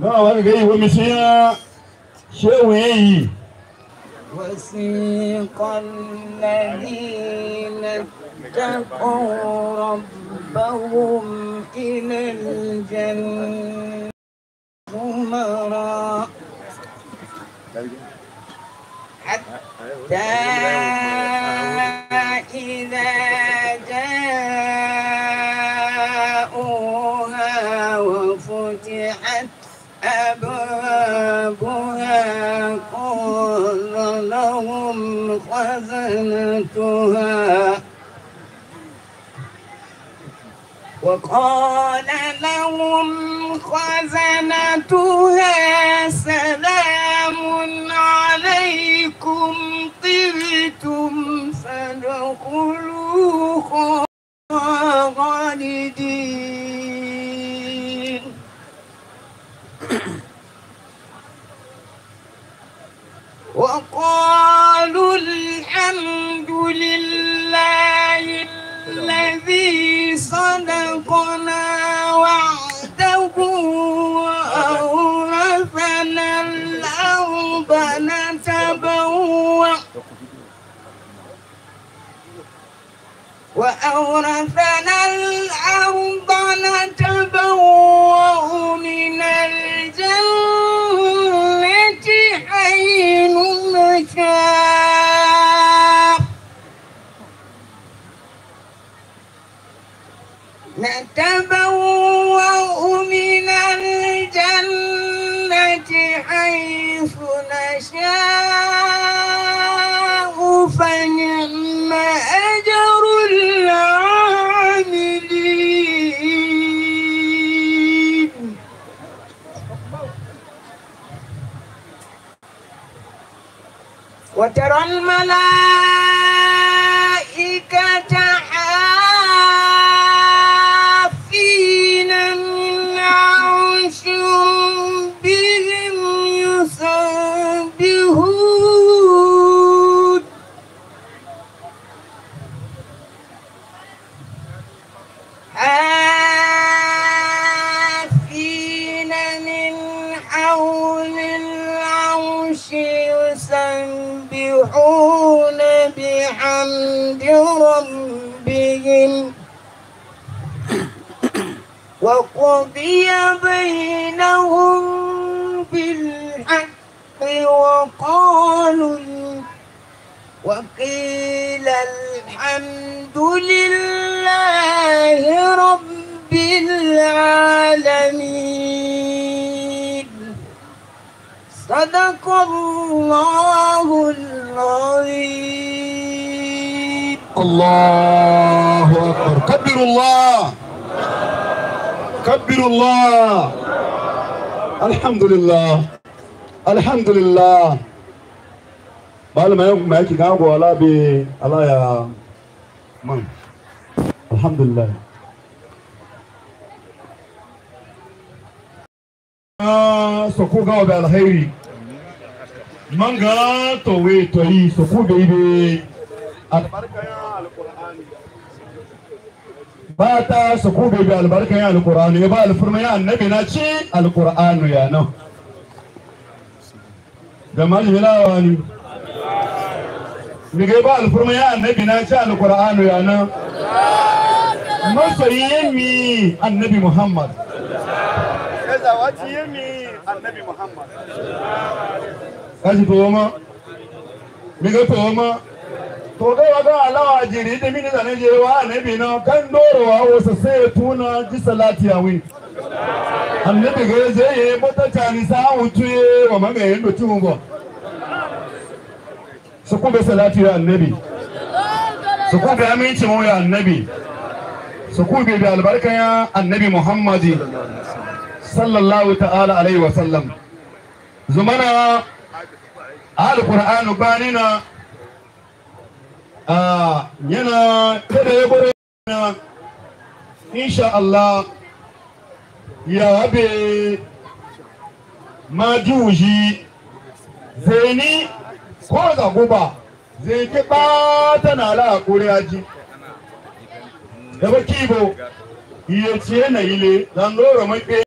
nga wanga yi وسيق الذين اتقوا ربهم إلى الجنة زمرا حتى إذا جاءوها وفتحت أبوابها قال لهم خزنتها وقال لهم خزنتها سلام عليكم طبتم فادخلوا خالدين وأورثنا الأرض نتبوأ من الجنة حين نشاء نتبوأ وترى الملائكة حافين من بهم يسبحون حافين من حول الْعَرْشِ يسبحون بحمد ربهم وقضي بينهم بالحق وقالوا وقيل الحمد لله رب العالمين صدق الله العظيم الله أكبر كبروا الله كبروا الله الحمد لله الحمد لله بعد ما يوم ما يجي جنبه ولا بي الله يا من الحمد لله sokugawo bɛ alihayiri manga towe toyi soku bɛ ibe bata soku bɛ ibe alibarika ya alikur'anu ya ba alifurma ya annabi na ci alikur'anu ya nan gama jimilawa ni daga ba alfurma ya na ci alikur'anu ya nan masoyi mi annabi muhammad Ọ̀dàwá ti yé mi Ànábì Muhammad. Láti fowó mọ́, mi kò fowó mọ́. To kai wa ga alawa jiri da mini da nije wa annabi na kan dorowa wasu sai ya tuna ji salati a wai. Annabi ga je ya mota tani sa wutuye wa magayin da tun go. Su kuma salati ya annabi. Su kuma aminci mu ya annabi. Su kuma bi albarkan ya annabi Muhammadi. sallallahu ta'ala alaihi wa sallam zumana alqur'anu banina a ah, yana kada ya gore na insha Allah ya habe majuji zeni ko da guba zai ki ba ta na la kuriyaji da bakibo iya ce na ile zan loro mai